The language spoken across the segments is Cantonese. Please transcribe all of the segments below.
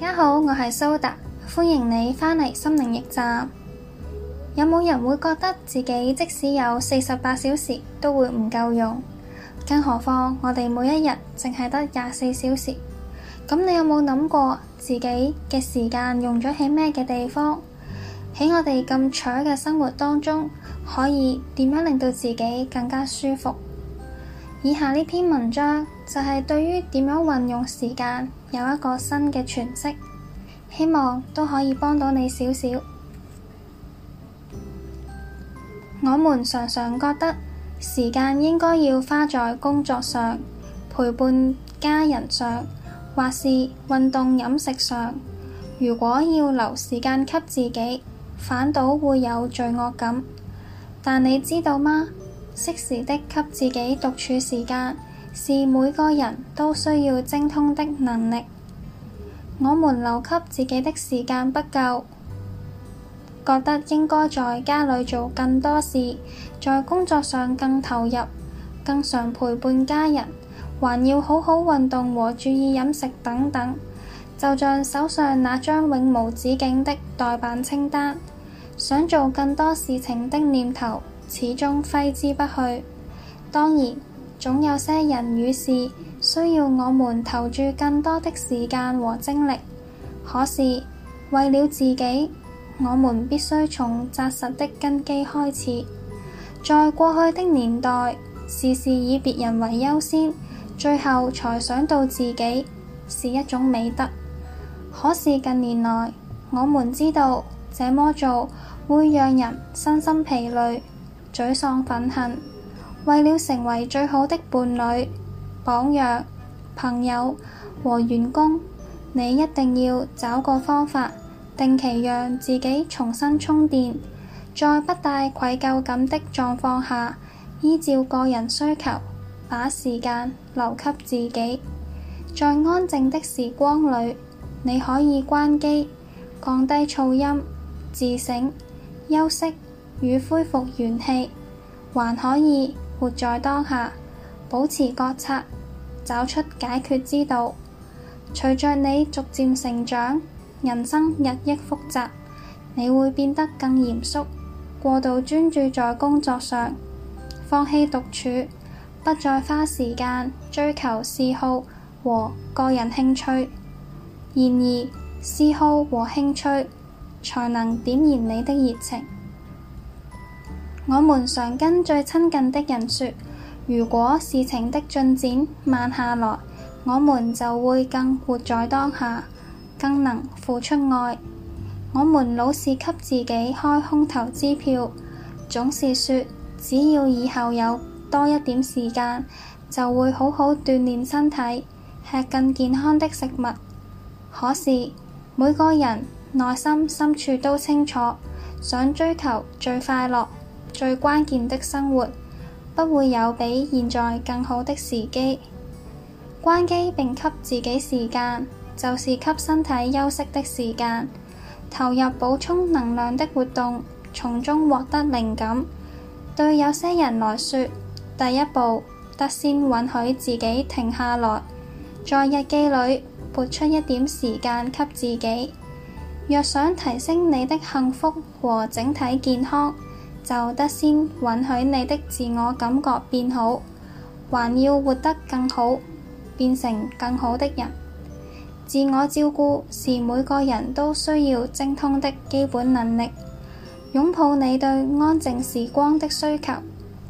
大家好，我係蘇達，歡迎你返嚟心靈驛站。有冇人會覺得自己即使有四十八小時都會唔夠用？更何況我哋每一日淨係得廿四小時？咁你有冇諗過自己嘅時間用咗喺咩嘅地方？喺我哋咁彩嘅生活當中，可以點樣令到自己更加舒服？以下呢篇文章就係對於點樣運用時間。有一個新嘅詮釋，希望都可以幫到你少少。我們常常覺得時間應該要花在工作上、陪伴家人上，或是運動飲食上。如果要留時間給自己，反倒會有罪惡感。但你知道嗎？適時的給自己獨處時間，是每個人都需要精通的能力。我們留給自己的時間不夠，覺得應該在家裏做更多事，在工作上更投入，更常陪伴家人，還要好好運動和注意飲食等等。就像手上那張永無止境的待辦清單，想做更多事情的念頭始終揮之不去。當然。總有些人與事需要我們投注更多的時間和精力。可是，為了自己，我們必須從紮實的根基開始。在過去的年代，事事以別人為優先，最後才想到自己，是一種美德。可是近年來，我們知道這麼做會讓人身心疲累、沮喪、憤恨。為了成為最好的伴侶、榜樣、朋友和員工，你一定要找個方法，定期讓自己重新充電，在不帶愧疚感的狀況下，依照個人需求，把時間留給自己，在安靜的時光裏，你可以關機、降低噪音、自省、休息與恢復元氣，還可以。活在當下，保持覺察，找出解決之道。隨着你逐漸成長，人生日益複雜，你會變得更嚴肅，過度專注在工作上，放棄獨處，不再花時間追求嗜好和個人興趣。然而，嗜好和興趣才能點燃你的熱情。我們常跟最親近的人說：如果事情的進展慢下來，我們就會更活在當下，更能付出愛。我們老是給自己開空頭支票，總是說只要以後有多一點時間，就會好好鍛鍊身體，吃更健康的食物。可是，每個人內心深處都清楚，想追求最快樂。最關鍵的生活不會有比現在更好的時機。關機並給自己時間，就是給身體休息的時間。投入補充能量的活動，從中獲得靈感。對有些人來說，第一步得先允許自己停下來，在日記裏撥出一點時間給自己。若想提升你的幸福和整體健康。就得先允許你的自我感覺變好，還要活得更好，變成更好的人。自我照顧是每個人都需要精通的基本能力。擁抱你對安靜時光的需求，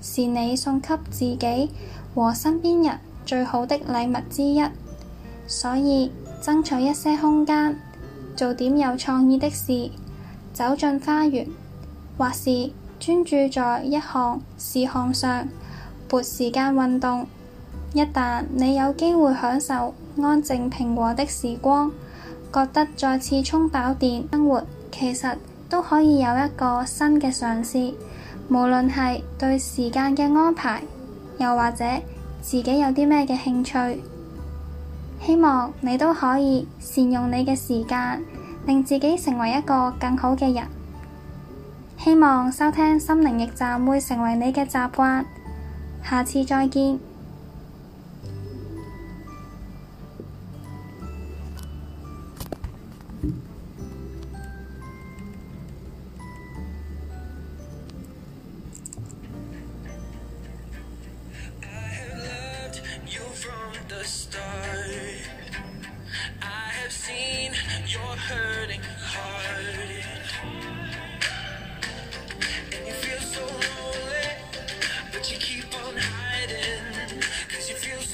是你送給自己和身邊人最好的禮物之一。所以爭取一些空間，做點有創意的事，走進花園，或是，專注在一項事項上，撥時間運動。一旦你有機會享受安靜平和的時光，覺得再次充飽電，生活其實都可以有一個新嘅嘗試。無論係對時間嘅安排，又或者自己有啲咩嘅興趣，希望你都可以善用你嘅時間，令自己成為一個更好嘅人。希望收聽心靈驛站會成為你嘅習慣，下次再見。